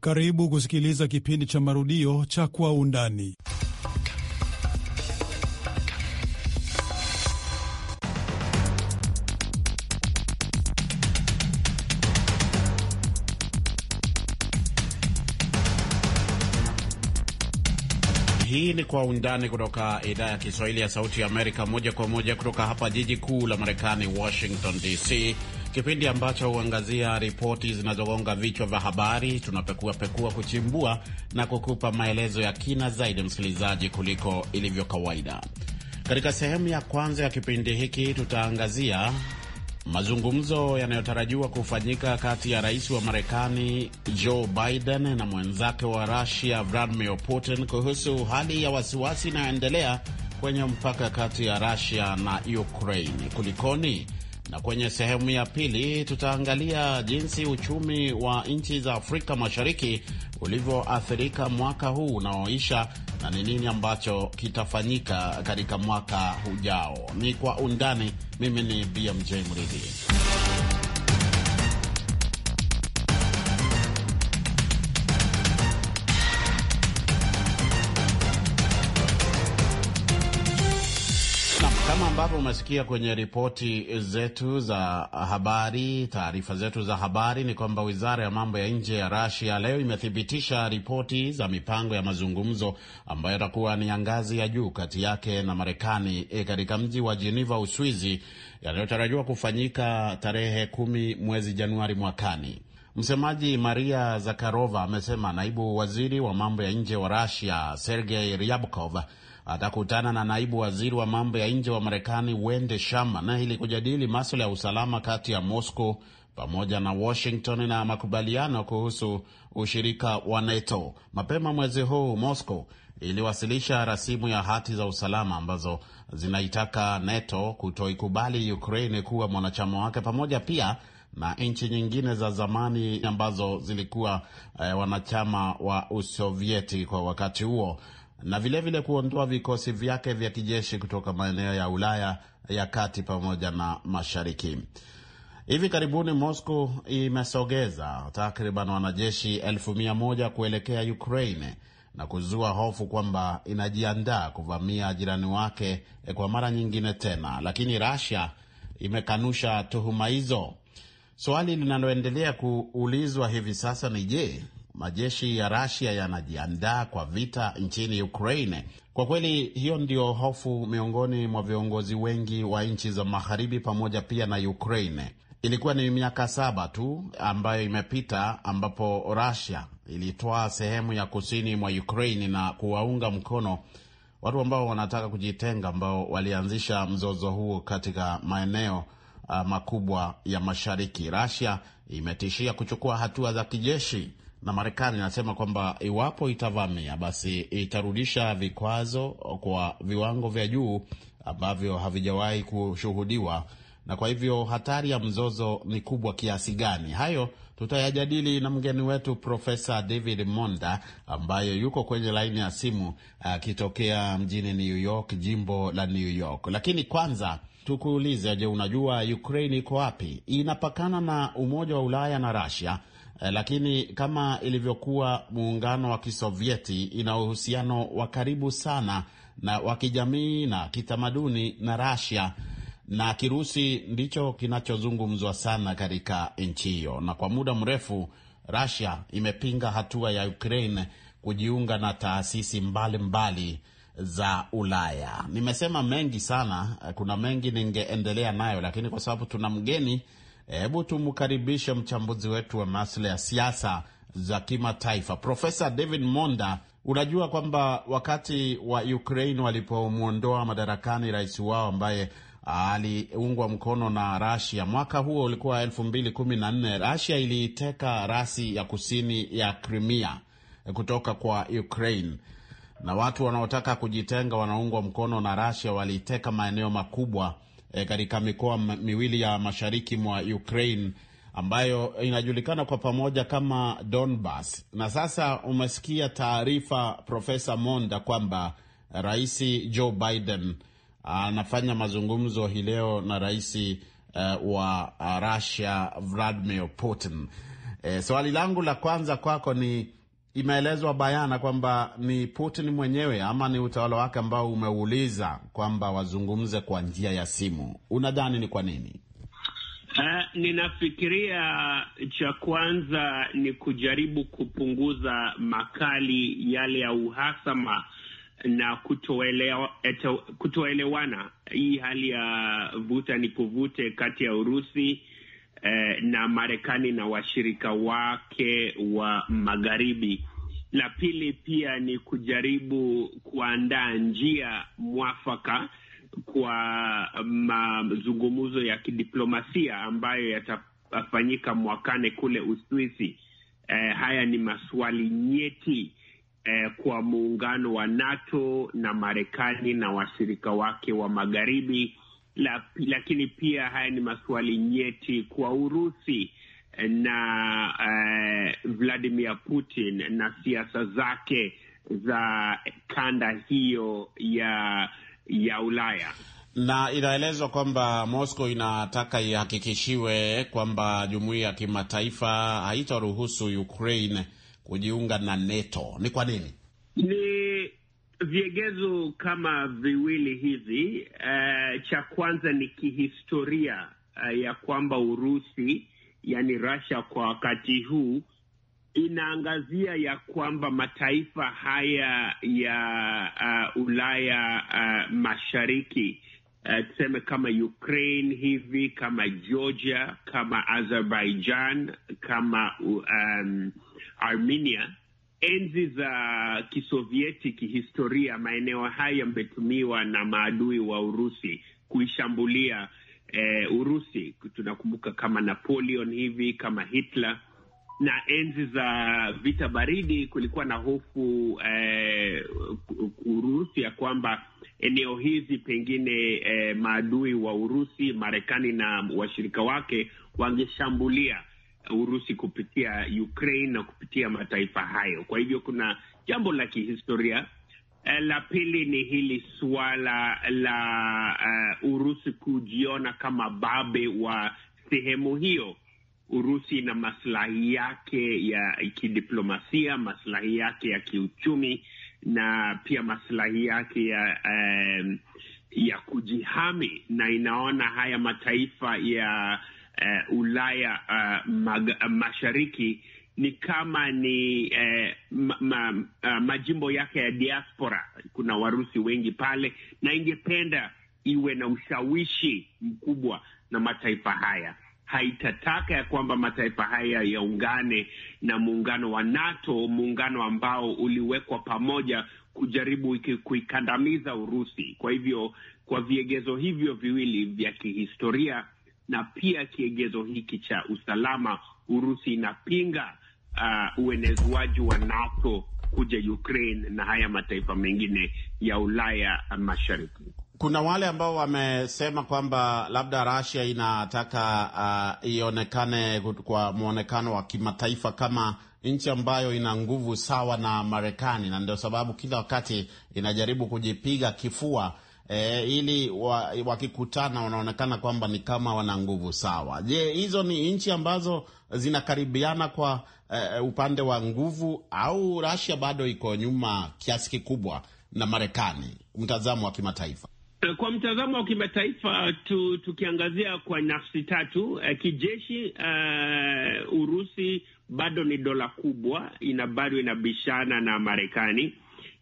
Karibu kusikiliza kipindi cha marudio cha Kwa Undani. Hii ni Kwa Undani kutoka idhaa ya Kiswahili ya Sauti ya Amerika, moja kwa moja kutoka hapa jiji kuu la Marekani, Washington DC kipindi ambacho huangazia ripoti zinazogonga vichwa vya habari. Tunapekuapekua, kuchimbua na kukupa maelezo ya kina zaidi, msikilizaji, kuliko ilivyo kawaida. Katika sehemu ya kwanza ya kipindi hiki tutaangazia mazungumzo yanayotarajiwa kufanyika kati ya rais wa Marekani Joe Biden na mwenzake wa Rusia Vladimir Putin kuhusu hali ya wasiwasi inayoendelea kwenye mpaka kati ya Rusia na Ukraine. Kulikoni? na kwenye sehemu ya pili tutaangalia jinsi uchumi wa nchi za Afrika Mashariki ulivyoathirika mwaka huu unaoisha na ni nini ambacho kitafanyika katika mwaka ujao. Ni kwa undani. Mimi ni BMJ Mridhi. umesikia kwenye ripoti zetu za habari, taarifa zetu za habari ni kwamba wizara ya mambo ya nje ya rasia leo imethibitisha ripoti za mipango ya mazungumzo ambayo yatakuwa ni ya ngazi ya juu kati yake na Marekani e, katika mji wa Jeneva, Uswizi, yanayotarajiwa kufanyika tarehe kumi mwezi Januari mwakani. Msemaji Maria Zakharova amesema naibu waziri wa mambo ya nje wa rasia Sergei Ryabkov atakutana na naibu waziri wa mambo ya nje wa Marekani wende shaman ili kujadili maswala ya usalama kati ya Moscow pamoja na Washington na makubaliano kuhusu ushirika wa NATO. Mapema mwezi huu Moscow iliwasilisha rasimu ya hati za usalama ambazo zinaitaka NATO kutoikubali Ukraine kuwa mwanachama wake, pamoja pia na nchi nyingine za zamani ambazo zilikuwa eh, wanachama wa Usovieti kwa wakati huo na vilevile kuondoa vikosi vyake vya kijeshi kutoka maeneo ya Ulaya ya kati pamoja na mashariki. Hivi karibuni Moscow imesogeza takriban wanajeshi elfu mia moja kuelekea Ukraine na kuzua hofu kwamba inajiandaa kuvamia jirani wake kwa mara nyingine tena, lakini Russia imekanusha tuhuma hizo. Swali linaloendelea kuulizwa hivi sasa ni je, majeshi ya Rasia yanajiandaa kwa vita nchini Ukraine. Kwa kweli, hiyo ndio hofu miongoni mwa viongozi wengi wa nchi za magharibi pamoja pia na Ukraine. Ilikuwa ni miaka saba tu ambayo imepita ambapo Rasia ilitoa sehemu ya kusini mwa Ukraine na kuwaunga mkono watu ambao wanataka kujitenga, ambao walianzisha mzozo huo katika maeneo uh, makubwa ya mashariki. Rasia imetishia kuchukua hatua za kijeshi na Marekani inasema kwamba iwapo itavamia, basi itarudisha vikwazo kwa viwango vya juu ambavyo havijawahi kushuhudiwa, na kwa hivyo hatari ya mzozo ni kubwa kiasi gani? Hayo tutayajadili na mgeni wetu Profesa David Monda ambaye yuko kwenye laini ya simu akitokea mjini New York, jimbo la New York. Lakini kwanza tukuulize, je, unajua Ukraine iko wapi? Inapakana na Umoja wa Ulaya na Russia Eh, lakini kama ilivyokuwa muungano wa Kisovieti, ina uhusiano wa karibu sana na wa kijamii na kitamaduni na rasia na Kirusi ndicho kinachozungumzwa sana katika nchi hiyo, na kwa muda mrefu rasia imepinga hatua ya Ukraine kujiunga na taasisi mbalimbali za Ulaya. Nimesema mengi sana, kuna mengi ningeendelea nayo, lakini kwa sababu tuna mgeni Hebu tumkaribishe mchambuzi wetu wa masuala ya siasa za kimataifa Profesa David Monda. Unajua kwamba wakati wa Ukraine walipomwondoa madarakani rais wao ambaye aliungwa mkono na Rasia mwaka huo ulikuwa elfu mbili kumi na nne, Rasia iliiteka rasi ya kusini ya Crimea kutoka kwa Ukraine, na watu wanaotaka kujitenga wanaungwa mkono na Rasia waliiteka maeneo makubwa e, katika mikoa miwili ya mashariki mwa Ukraine ambayo inajulikana kwa pamoja kama Donbas. Na sasa umesikia taarifa Profesa Monda kwamba Rais Joe Biden anafanya mazungumzo hii leo na rais uh, wa eh, Russia Vladimir Putin. E, swali langu la kwanza kwako ni imeelezwa bayana kwamba ni Putin mwenyewe ama ni utawala wake ambao umeuliza kwamba wazungumze kwa njia ya simu. Unadhani ni kwa nini? Uh, ninafikiria cha kwanza ni kujaribu kupunguza makali yale ya uhasama na kutoelewa, kutoelewana, hii hali ya vuta ni kuvute kati ya Urusi eh, na Marekani na washirika wake wa magharibi. La pili pia ni kujaribu kuandaa njia mwafaka kwa mazungumzo ya kidiplomasia ambayo yatafanyika mwakane kule Uswisi. Eh, haya ni maswali nyeti eh, kwa muungano wa NATO na Marekani na washirika wake wa magharibi la, lakini pia haya ni maswali nyeti kwa Urusi na uh, Vladimir Putin na siasa zake za kanda hiyo ya ya Ulaya na inaelezwa kwamba Moscow inataka ihakikishiwe kwamba jumuiya ya kimataifa haitaruhusu Ukraine kujiunga na NATO. Ni kwa nini? Ni viegezo kama viwili hivi. Uh, cha kwanza ni kihistoria uh, ya kwamba Urusi yani Russia kwa wakati huu inaangazia ya kwamba mataifa haya ya uh, Ulaya uh, mashariki uh, tuseme kama Ukraine hivi kama Georgia kama Azerbaijan kama um, Armenia enzi za Kisovieti kihistoria, maeneo haya yametumiwa na maadui wa Urusi kuishambulia eh, Urusi. Tunakumbuka kama Napoleon hivi kama Hitler na enzi za vita baridi kulikuwa na hofu eh, Urusi ya kwamba eneo hizi pengine eh, maadui wa Urusi, Marekani na washirika wake wangeshambulia Urusi kupitia Ukraine na kupitia mataifa hayo. Kwa hivyo kuna jambo la kihistoria. Eh, la pili ni hili suala la uh, Urusi kujiona kama babe wa sehemu hiyo. Urusi na maslahi yake ya kidiplomasia, maslahi yake ya kiuchumi na pia maslahi yake ya um, ya kujihami, na inaona haya mataifa ya uh, Ulaya uh, mag, uh, mashariki ni kama ni eh, ma, ma, uh, majimbo yake ya diaspora. Kuna Warusi wengi pale, na ingependa iwe na ushawishi mkubwa na mataifa haya. Haitataka ya kwamba mataifa haya yaungane na muungano wa NATO, muungano ambao uliwekwa pamoja kujaribu kuikandamiza Urusi. Kwa hivyo, kwa viegezo hivyo viwili vya kihistoria na pia kiegezo hiki cha usalama, Urusi inapinga uh, uenezwaji wa NATO kuja Ukraine na haya mataifa mengine ya Ulaya Mashariki. Kuna wale ambao wamesema kwamba labda Russia inataka uh, ionekane kwa mwonekano wa kimataifa kama nchi ambayo ina nguvu sawa na Marekani, na ndio sababu kila wakati inajaribu kujipiga kifua e, ili wakikutana wanaonekana kwamba ni kama wana nguvu sawa. Je, hizo ni nchi ambazo zinakaribiana kwa e, upande wa nguvu au Russia bado iko nyuma kiasi kikubwa na Marekani, mtazamo wa kimataifa? Eh, kwa mtazamo wa kimataifa tu, tukiangazia kwa nafsi tatu e, kijeshi e, Urusi bado ni dola kubwa ina bado inabishana na Marekani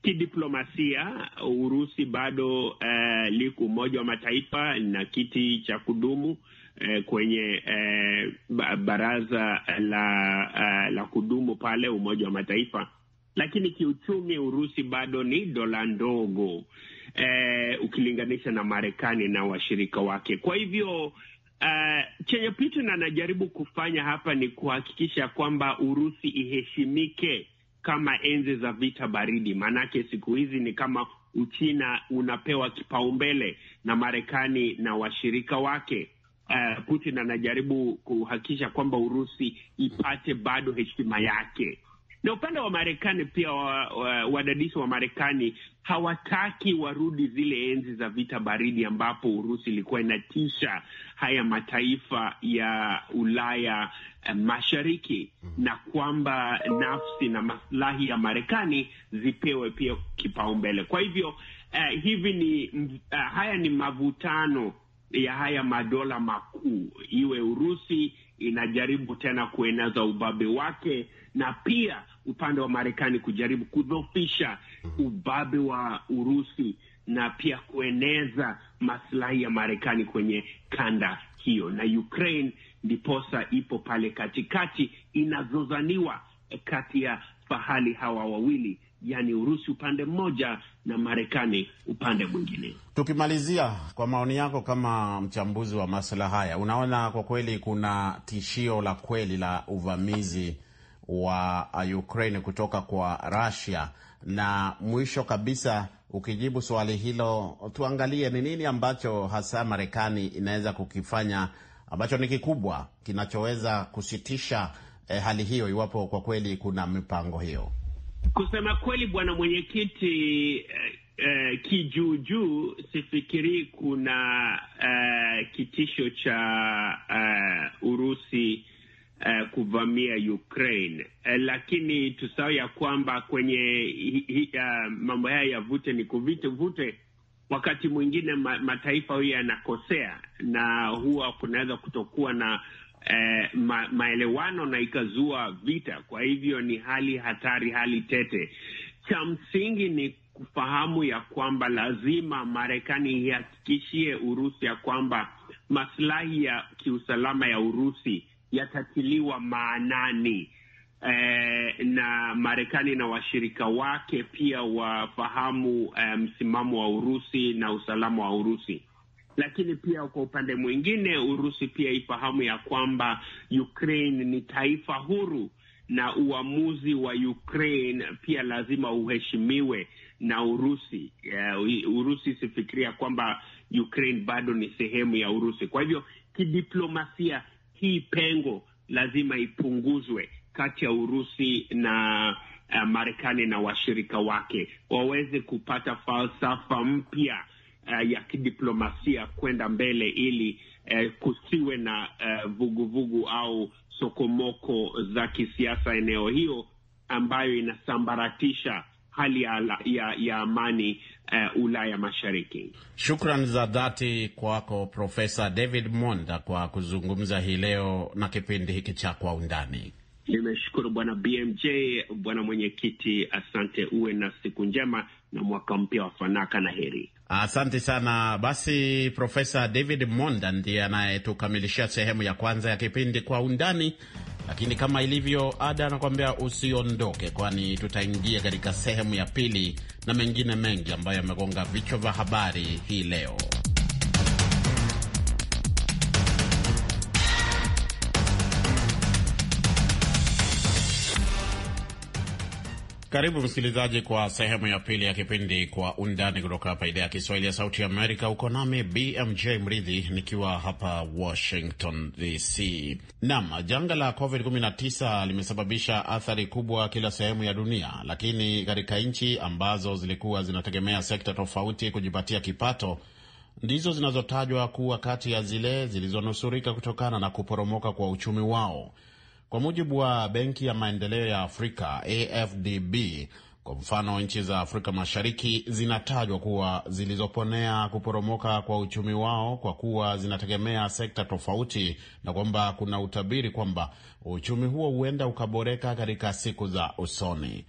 Kidiplomasia, Urusi bado uh, liko Umoja wa Mataifa na kiti cha kudumu eh, kwenye eh, baraza la, uh, la kudumu pale Umoja wa Mataifa, lakini kiuchumi Urusi bado ni dola ndogo eh, ukilinganisha na Marekani na washirika wake. Kwa hivyo Uh, chenye Putin anajaribu kufanya hapa ni kuhakikisha kwamba Urusi iheshimike kama enzi za vita baridi. Maanake siku hizi ni kama Uchina unapewa kipaumbele na Marekani na washirika wake. Uh, Putin anajaribu kuhakikisha kwamba Urusi ipate bado heshima yake, na upande wa Marekani pia wadadisi wa, wa, wa Marekani hawataki warudi zile enzi za vita baridi ambapo Urusi ilikuwa inatisha haya mataifa ya Ulaya Eh, mashariki mm -hmm. na kwamba nafsi na maslahi ya Marekani zipewe pia kipaumbele. Kwa hivyo uh, hivi ni uh, haya ni mavutano ya haya madola makuu, iwe Urusi inajaribu tena kueneza ubabe wake na pia upande wa Marekani kujaribu kudhofisha mhm. ubabe wa Urusi na pia kueneza maslahi ya Marekani kwenye kanda hiyo, na Ukraine ndiposa ipo pale katikati, inazozaniwa kati ya fahali hawa wawili, yaani Urusi upande mmoja na Marekani upande mwingine. Tukimalizia, kwa maoni yako kama mchambuzi wa masuala haya, unaona kwa kweli kuna tishio la kweli la uvamizi wa Ukraine kutoka kwa Russia? Na mwisho kabisa, ukijibu swali hilo, tuangalie ni nini ambacho hasa Marekani inaweza kukifanya ambacho ni kikubwa kinachoweza kusitisha eh, hali hiyo, iwapo kwa kweli kuna mipango hiyo. Kusema kweli, bwana mwenyekiti, eh, eh, kijuujuu sifikirii kuna eh, kitisho cha eh, Urusi Uh, kuvamia Ukraine uh, lakini tusahau ya kwamba kwenye uh, mambo haya ya vute ni kuvute vute wakati mwingine ma, mataifa huyo yanakosea na huwa kunaweza kutokuwa na eh, ma, maelewano na ikazua vita. Kwa hivyo ni hali hatari, hali tete. Cha msingi ni kufahamu ya kwamba lazima Marekani ihakikishie Urusi ya kwamba maslahi ya kiusalama ya Urusi yatatiliwa maanani eh, na Marekani na washirika wake pia wafahamu eh, msimamo wa Urusi na usalama wa Urusi lakini pia kwa upande mwingine Urusi pia ifahamu ya kwamba Ukraine ni taifa huru na uamuzi wa Ukraine pia lazima uheshimiwe na Urusi. Uh, Urusi isifikiria kwamba Ukraine bado ni sehemu ya Urusi. Kwa hivyo kidiplomasia, hii pengo lazima ipunguzwe kati ya Urusi na uh, Marekani na washirika wake waweze kupata falsafa mpya uh, ya kidiplomasia kwenda mbele ili uh, kusiwe na vuguvugu uh, vugu au sokomoko za kisiasa eneo hiyo ambayo inasambaratisha hali ya, ya, ya amani uh, Ulaya Mashariki. Shukran za dhati kwako Profesa David Monda kwa kuzungumza hii leo na kipindi hiki cha Kwa Undani. Nimeshukuru bwana BMJ, bwana mwenyekiti, asante. Uwe na siku njema na mwaka mpya wa fanaka na heri. Asante sana. Basi Profesa David Monda ndiye anayetukamilishia sehemu ya kwanza ya kipindi Kwa Undani, lakini kama ilivyo ada, anakuambia usiondoke, kwani tutaingia katika sehemu ya pili na mengine mengi ambayo yamegonga vichwa vya habari hii leo. Karibu msikilizaji, kwa sehemu ya pili ya kipindi Kwa Undani kutoka hapa idhaa ya Kiswahili ya Sauti Amerika. Uko nami BMJ Mridhi nikiwa hapa Washington DC. Naam, janga la COVID-19 limesababisha athari kubwa kila sehemu ya dunia, lakini katika nchi ambazo zilikuwa zinategemea sekta tofauti kujipatia kipato ndizo zinazotajwa kuwa kati ya zile zilizonusurika kutokana na kuporomoka kwa uchumi wao. Kwa mujibu wa Benki ya Maendeleo ya Afrika AFDB, kwa mfano, nchi za Afrika Mashariki zinatajwa kuwa zilizoponea kuporomoka kwa uchumi wao kwa kuwa zinategemea sekta tofauti na kwamba kuna utabiri kwamba uchumi huo huenda ukaboreka katika siku za usoni.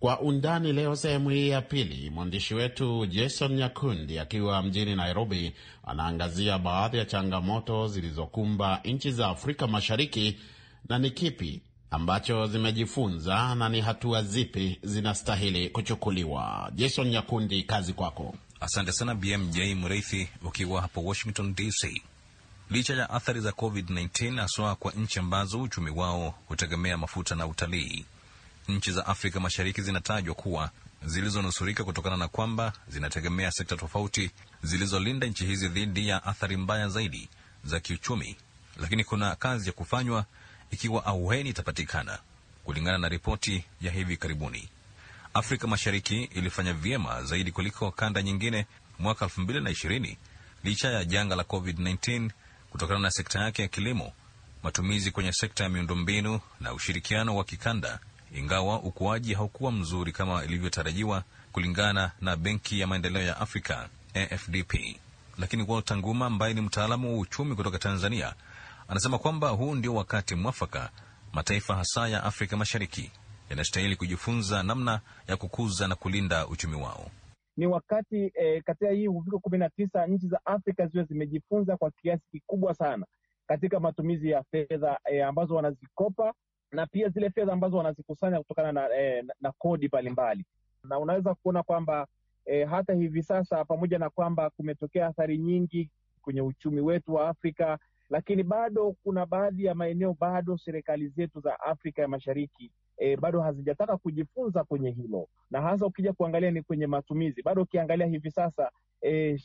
Kwa undani leo, sehemu hii ya pili, mwandishi wetu Jason Nyakundi akiwa mjini Nairobi anaangazia baadhi ya changamoto zilizokumba nchi za Afrika Mashariki na ni kipi ambacho zimejifunza na ni hatua zipi zinastahili kuchukuliwa? Jason Nyakundi, kazi kwako. Asante sana BMJ Mreithi, ukiwa hapo Washington DC. Licha ya athari za COVID-19 haswa kwa nchi ambazo uchumi wao hutegemea mafuta na utalii, nchi za Afrika Mashariki zinatajwa kuwa zilizonusurika kutokana na kwamba zinategemea sekta tofauti zilizolinda nchi hizi dhidi ya athari mbaya zaidi za kiuchumi, lakini kuna kazi ya kufanywa ikiwa auheni itapatikana. Kulingana na ripoti ya hivi karibuni, Afrika Mashariki ilifanya vyema zaidi kuliko kanda nyingine mwaka 2020 licha ya janga la COVID-19 kutokana na sekta yake ya kilimo, matumizi kwenye sekta ya miundombinu na ushirikiano wa kikanda, ingawa ukuaji haukuwa mzuri kama ilivyotarajiwa kulingana na Benki ya Maendeleo ya Afrika AFDP. Lakini Walter Nguma ambaye ni mtaalamu wa uchumi kutoka Tanzania Anasema kwamba huu ndio wakati mwafaka mataifa hasa ya Afrika Mashariki yanastahili kujifunza namna ya kukuza na kulinda uchumi wao. Ni wakati eh, katika hii uviko kumi na tisa nchi za Afrika ziwe zimejifunza kwa kiasi kikubwa sana katika matumizi ya fedha eh, ambazo wanazikopa na pia zile fedha ambazo wanazikusanya kutokana na, eh, na kodi mbalimbali, na unaweza kuona kwamba eh, hata hivi sasa pamoja na kwamba kumetokea athari nyingi kwenye uchumi wetu wa Afrika lakini bado kuna baadhi ya maeneo bado serikali zetu za Afrika ya Mashariki E, bado hazijataka kujifunza kwenye hilo, na hasa ukija kuangalia ni kwenye matumizi. Bado ukiangalia hivi sasa e,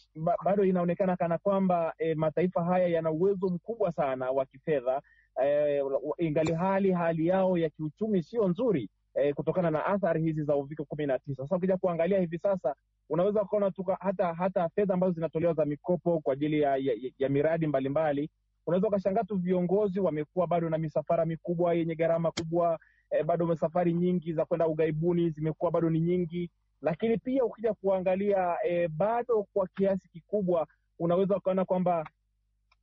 bado inaonekana kana kwamba e, mataifa haya yana uwezo mkubwa sana wa kifedha e, ingali hali hali yao ya kiuchumi sio nzuri e, kutokana na athari hizi za uviko kumi na tisa. Sasa ukija kuangalia hivi sasa unaweza ukaona hata hata fedha ambazo zinatolewa za mikopo kwa ajili ya, ya, ya miradi mbalimbali Unaweza ukashangaa tu viongozi wamekuwa bado na misafara mikubwa yenye gharama kubwa eh, bado safari nyingi za kwenda ughaibuni zimekuwa bado ni nyingi, lakini pia ukija kuangalia eh, bado kwa kiasi kikubwa unaweza ukaona kwamba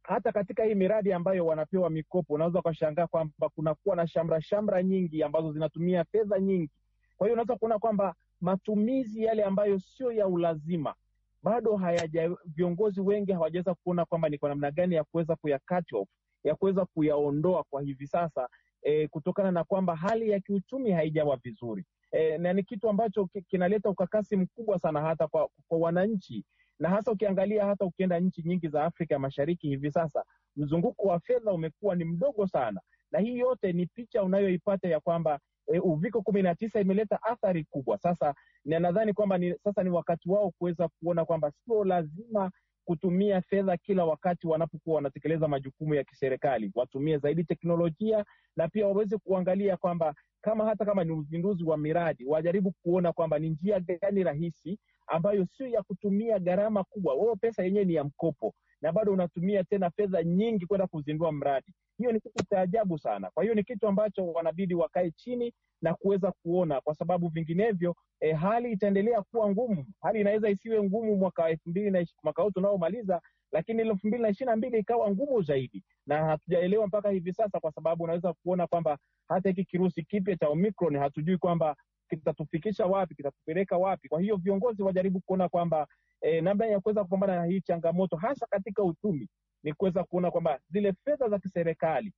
hata katika hii miradi ambayo wanapewa mikopo, unaweza ukashangaa kwamba kunakuwa na shamra shamra nyingi ambazo zinatumia fedha nyingi. Kwa hiyo unaweza kuona kwamba matumizi yale ambayo sio ya ulazima bado hayaja, viongozi wengi hawajaweza kuona kwamba ni kwa namna gani ya kuweza kuya cut off, ya kuweza kuyaondoa kwa hivi sasa e, kutokana na kwamba hali ya kiuchumi haijawa vizuri e, na ni kitu ambacho kinaleta ukakasi mkubwa sana hata kwa, kwa wananchi na hasa ukiangalia hata ukienda nchi nyingi za Afrika Mashariki hivi sasa mzunguko wa fedha umekuwa ni mdogo sana, na hii yote ni picha unayoipata ya kwamba e, uviko kumi na tisa imeleta athari kubwa. Sasa nadhani kwamba ni, sasa ni wakati wao kuweza kuona kwamba sio lazima kutumia fedha kila wakati wanapokuwa wanatekeleza majukumu ya kiserikali, watumie zaidi teknolojia na pia waweze kuangalia kwamba kama hata kama ni uzinduzi wa miradi, wajaribu kuona kwamba ni njia gani rahisi ambayo sio ya kutumia gharama kubwa. Wao pesa yenyewe ni ya mkopo, na bado unatumia tena fedha nyingi kwenda kuzindua mradi. Hiyo ni kitu cha ajabu sana. Kwa hiyo ni kitu ambacho wanabidi wakae chini na kuweza kuona, kwa sababu vinginevyo e, hali itaendelea kuwa ngumu. Hali inaweza isiwe ngumu mwaka elfu mbili na mwaka huu tunaomaliza, lakini elfu mbili na ishirini na mbili ikawa ngumu zaidi, na hatujaelewa mpaka hivi sasa, kwa sababu unaweza kuona kwamba hata hiki kirusi kipya cha Omicron hatujui kwamba kitatufikisha wapi, kitatupeleka wapi. Kwa hiyo viongozi wajaribu kuona kwamba e, namna ya kuweza kupambana na hii changamoto hasa katika uchumi ni kuweza kuona kwamba zile fedha za kiserikali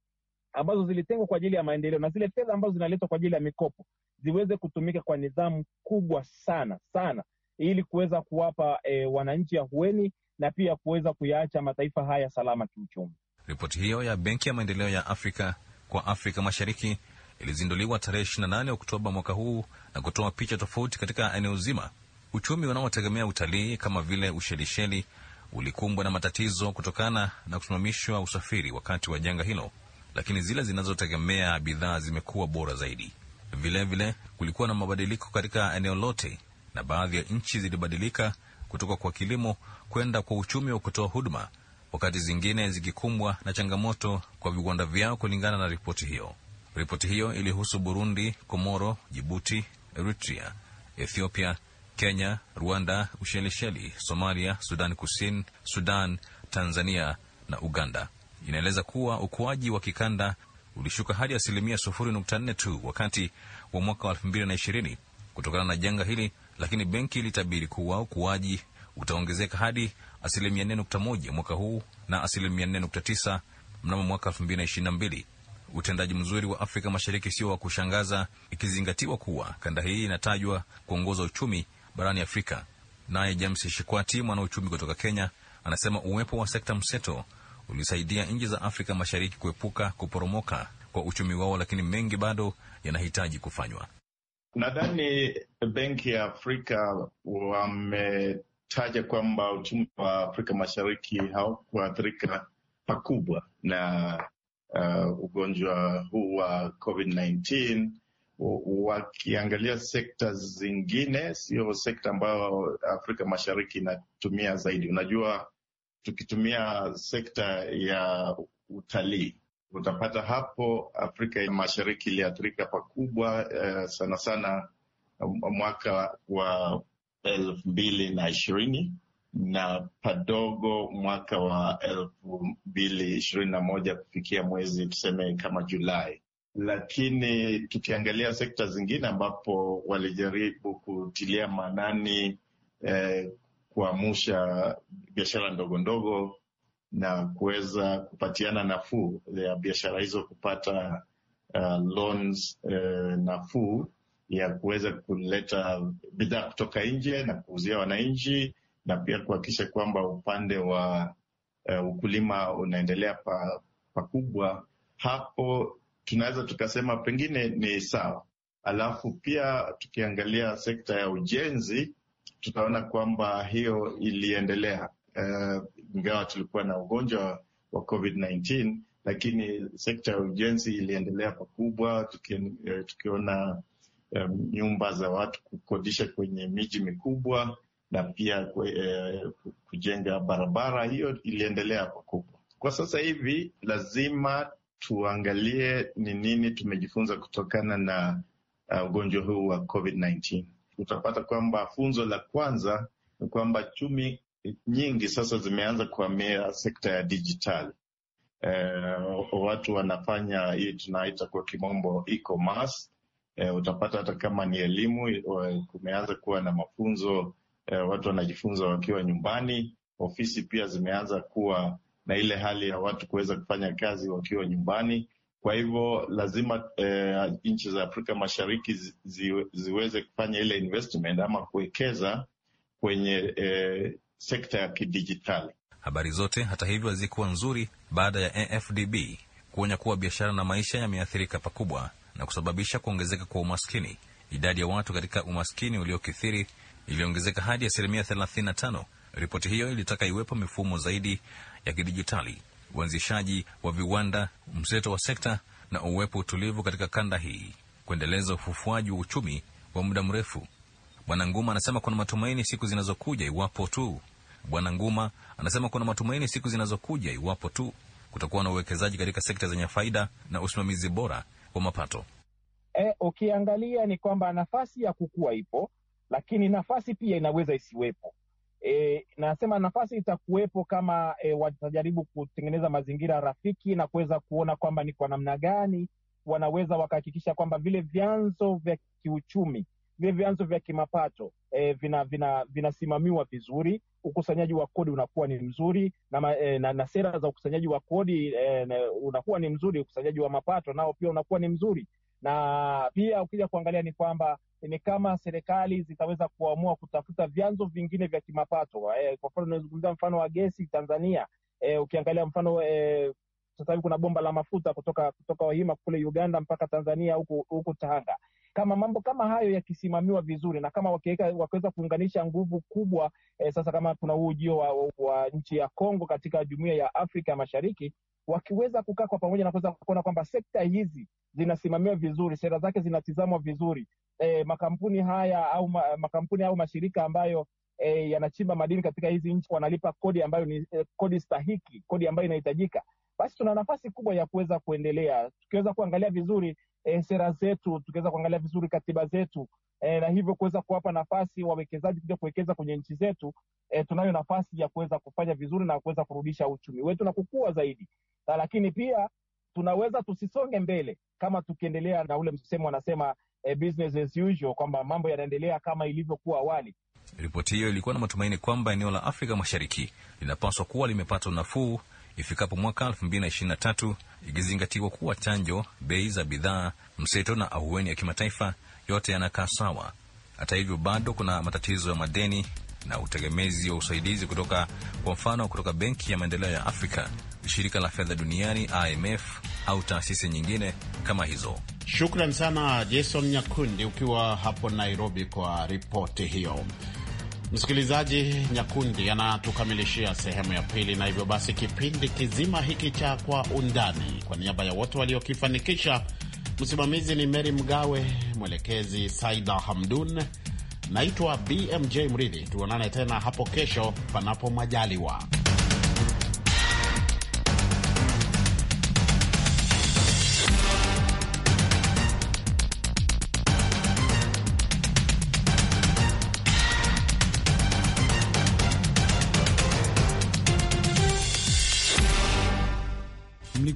ambazo zilitengwa kwa ajili ya maendeleo na zile fedha ambazo zinaletwa kwa ajili ya mikopo ziweze kutumika kwa nidhamu kubwa sana sana, ili kuweza kuwapa e, wananchi ahueni na pia kuweza kuyaacha mataifa haya salama kiuchumi. Ripoti hiyo ya Benki ya Maendeleo ya Afrika kwa Afrika Mashariki ilizinduliwa tarehe 28 Oktoba mwaka huu na kutoa picha tofauti katika eneo zima Uchumi unaotegemea utalii kama vile Ushelisheli ulikumbwa na matatizo kutokana na kusimamishwa usafiri wakati wa janga hilo, lakini zile zinazotegemea bidhaa zimekuwa bora zaidi. Vilevile vile, kulikuwa na mabadiliko katika eneo lote na baadhi ya nchi zilibadilika kutoka kwa kilimo kwenda kwa uchumi wa kutoa huduma, wakati zingine zikikumbwa na changamoto kwa viwanda vyao, kulingana na ripoti hiyo. Ripoti hiyo ilihusu Burundi, Komoro, Jibuti, Eritrea, Ethiopia, Kenya, Rwanda, Ushelisheli, Somalia, Sudan Kusini, Sudan, Tanzania na Uganda. Inaeleza kuwa ukuaji wa kikanda ulishuka hadi asilimia 4 tu wakati wa mwaka wa elfu kutokana na janga hili, lakini benki ilitabiri kuwa ukuaji utaongezeka hadi asilimia 4.1 mwaka huu na asilimia 4.9 mnamo mwaka elfu Utendaji mzuri wa Afrika Mashariki sio wa kushangaza ikizingatiwa kuwa kanda hii inatajwa kuongoza uchumi barani Afrika. Naye James Shikwati, mwanauchumi kutoka Kenya, anasema uwepo wa sekta mseto ulisaidia nchi za Afrika Mashariki kuepuka kuporomoka kwa uchumi wao, lakini mengi bado yanahitaji kufanywa. Nadhani Benki ya Afrika wametaja kwamba uchumi wa Afrika Mashariki haukuathirika pakubwa na uh, ugonjwa huu wa COVID-19 wakiangalia sekta zingine, sio sekta ambayo Afrika Mashariki inatumia zaidi. Unajua, tukitumia sekta ya utalii utapata hapo Afrika ya Mashariki iliathirika pakubwa eh, sana sana mwaka wa elfu mbili na ishirini na padogo mwaka wa elfu mbili ishirini na moja kufikia mwezi tuseme kama Julai lakini tukiangalia sekta zingine ambapo walijaribu kutilia maanani eh, kuamusha biashara ndogo ndogo na kuweza kupatiana nafuu ya biashara hizo kupata uh, loans eh, nafuu ya kuweza kuleta bidhaa kutoka nje na kuuzia wananchi na pia kuhakikisha kwamba upande wa uh, ukulima unaendelea pakubwa pa hapo tunaweza tukasema pengine ni sawa. Alafu pia tukiangalia sekta ya ujenzi, tutaona kwamba hiyo iliendelea eh, ingawa uh, tulikuwa na ugonjwa wa COVID-19, lakini sekta ya ujenzi iliendelea pakubwa, tuki, eh, tukiona um, nyumba za watu kukodisha kwenye miji mikubwa na pia kwe, uh, kujenga barabara, hiyo iliendelea pakubwa. Kwa sasa hivi lazima tuangalie ni nini tumejifunza kutokana na uh, ugonjwa huu wa COVID-19. Utapata kwamba funzo la kwanza ni kwamba chumi nyingi sasa zimeanza kuhamia sekta ya dijitali. Uh, watu wanafanya hii tunaita kwa kimombo e-commerce. Uh, utapata hata kama ni elimu, uh, kumeanza kuwa na mafunzo uh, watu wanajifunza wakiwa nyumbani. Ofisi pia zimeanza kuwa na ile hali ya watu kuweza kufanya kazi wakiwa nyumbani. Kwa hivyo lazima eh, nchi za Afrika Mashariki zi, ziweze kufanya ile investment ama kuwekeza kwenye eh, sekta ya kidijitali. Habari zote hata hivyo hazikuwa nzuri baada ya AfDB kuonya kuwa biashara na maisha yameathirika pakubwa na kusababisha kuongezeka kwa umaskini. Idadi ya watu katika umaskini uliokithiri iliongezeka hadi asilimia 35 Ripoti hiyo ilitaka iwepo mifumo zaidi ya kidijitali, uanzishaji wa viwanda, mseto wa sekta na uwepo utulivu katika kanda hii kuendeleza ufufuaji wa uchumi wa muda mrefu. Bwana Nguma anasema kuna matumaini siku zinazokuja iwapo tu. Bwana Nguma anasema kuna matumaini siku zinazokuja iwapo tu kutakuwa na uwekezaji katika sekta zenye faida na usimamizi bora wa mapato. E, ukiangalia ni kwamba nafasi ya kukua ipo, lakini nafasi pia inaweza isiwepo. E, nasema nafasi itakuwepo kama e, watajaribu kutengeneza mazingira rafiki na kuweza kuona kwamba ni kwa namna gani wanaweza wakahakikisha kwamba vile vyanzo vya kiuchumi vile vyanzo vya kimapato e, vinasimamiwa vina, vina vizuri, ukusanyaji wa kodi unakuwa ni mzuri na, ma, e, na, na sera za ukusanyaji wa kodi e, unakuwa ni mzuri, ukusanyaji wa mapato nao pia unakuwa ni mzuri na pia ukija kuangalia ni kwamba ni kama serikali zitaweza kuamua kutafuta vyanzo vingine vya kimapato eh, kwa mfano unazungumzia mfano wa gesi Tanzania eh, ukiangalia mfano eh, sasa hivi kuna bomba la mafuta kutoka kutoka Wahima kule Uganda mpaka Tanzania huku Tanga kama mambo kama hayo yakisimamiwa vizuri na kama wakiweza kuunganisha nguvu kubwa eh, sasa kama kuna huu ujio wa, wa, wa nchi ya Kongo katika jumuiya ya Afrika Mashariki, wakiweza kukaa kwa pamoja na kuweza kuona kwamba sekta hizi zinasimamiwa vizuri, sera zake zinatizamwa vizuri, eh, makampuni haya au ma, makampuni au mashirika ambayo E, yanachimba madini katika hizi nchi wanalipa kodi ambayo ni eh, kodi stahiki, kodi ambayo inahitajika basi tuna nafasi kubwa ya kuweza kuendelea tukiweza kuangalia vizuri e, sera zetu, tukiweza kuangalia vizuri katiba zetu e, na hivyo kuweza kuwapa nafasi wawekezaji kuja kuwekeza kwenye nchi zetu e, tunayo nafasi ya kuweza kufanya vizuri na kuweza kurudisha uchumi wetu na kukua zaidi na, lakini pia tunaweza tusisonge mbele kama tukiendelea na ule msemo wanasema e, business as usual, kwamba mambo yanaendelea kama ilivyokuwa awali. Ripoti hiyo ilikuwa na matumaini kwamba eneo la Afrika Mashariki linapaswa kuwa limepata unafuu ifikapo mwaka 2023 ikizingatiwa kuwa chanjo, bei za bidhaa mseto na ahueni ya kimataifa yote yanakaa sawa. Hata hivyo, bado kuna matatizo ya madeni na utegemezi wa usaidizi kutoka kwa mfano kutoka Benki ya Maendeleo ya Afrika, Shirika la Fedha Duniani IMF au taasisi nyingine kama hizo. Shukran sana Jason Nyakundi ukiwa hapo Nairobi kwa ripoti hiyo. Msikilizaji, Nyakundi anatukamilishia sehemu ya pili, na hivyo basi kipindi kizima hiki cha Kwa Undani, kwa niaba ya wote waliokifanikisha, msimamizi ni Meri Mgawe, mwelekezi Saida Hamdun, naitwa BMJ Mridhi. Tuonane tena hapo kesho, panapo majaliwa.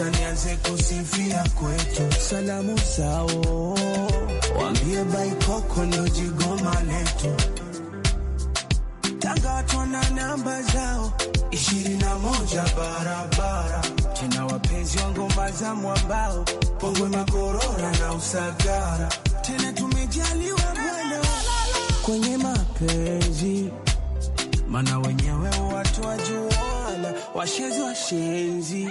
wacha nianze kusifia kwetu, salamu zao wambie koko ndio jigoma letu. Tanga watu wana namba zao ishirini na moja barabara tena, wapenzi wa ngoma za mwambao Pongwe, Makorora na Usagara, tena tumejaliwa bwana kwenye mapenzi, mana wenyewe watu wajuana, washenzi washezi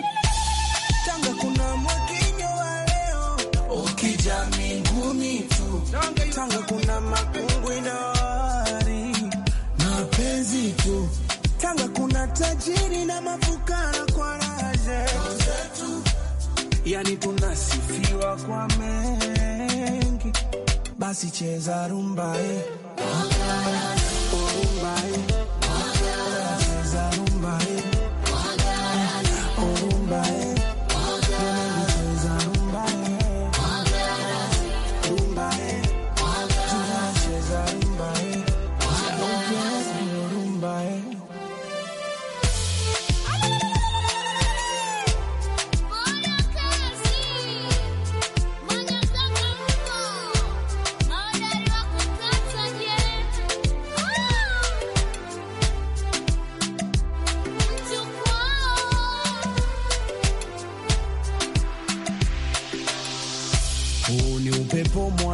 kuna mwakinyo wa ukija minguni tanga kuna makungwi na tanga kuna tajiri na mafukara kwa yani tunasifiwa kwa mengi basi cheza rumbae eh. rumbae eh.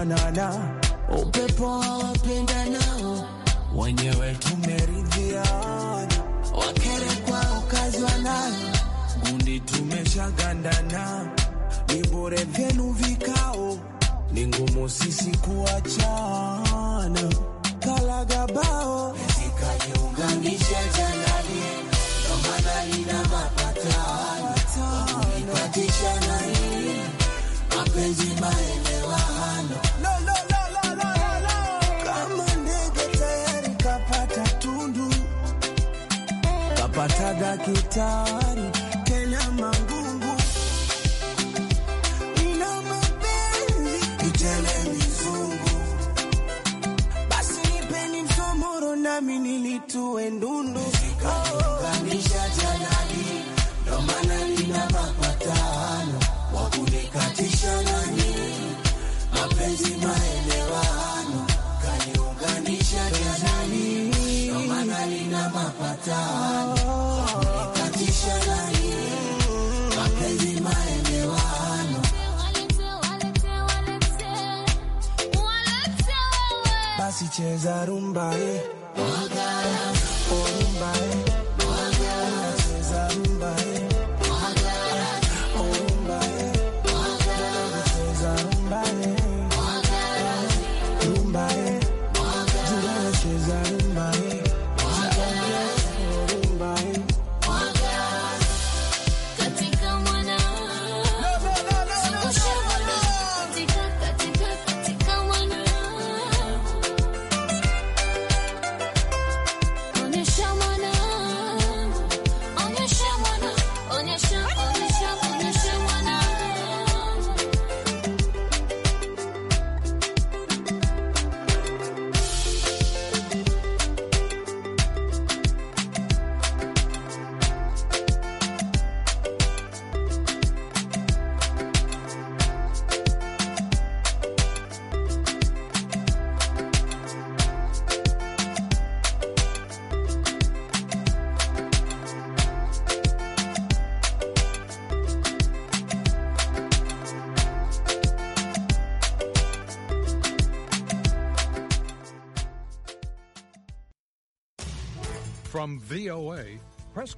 kufanana, upepo wawapenda nao wenyewe tumeridhiana, wakere kwa ukazi wanayo gundi tumeshagandana, ni bure vyenu vikao, ni ngumu sisi kuachana, kalagabao zikajiunganisha janani, ndo maana lina mapatano, kuipatisha nani mapenzi maelewa hano kitawari tena mangungu ina mapenzi itele mizungu basi nipeni msomoro nami nilitue ndundu kanisha janani ndo maana nina mapatano wakunikatisha nani mapenzi maelewano kaniunganisha janani basi cheza rumba, eh. rumba eh. From VOA, press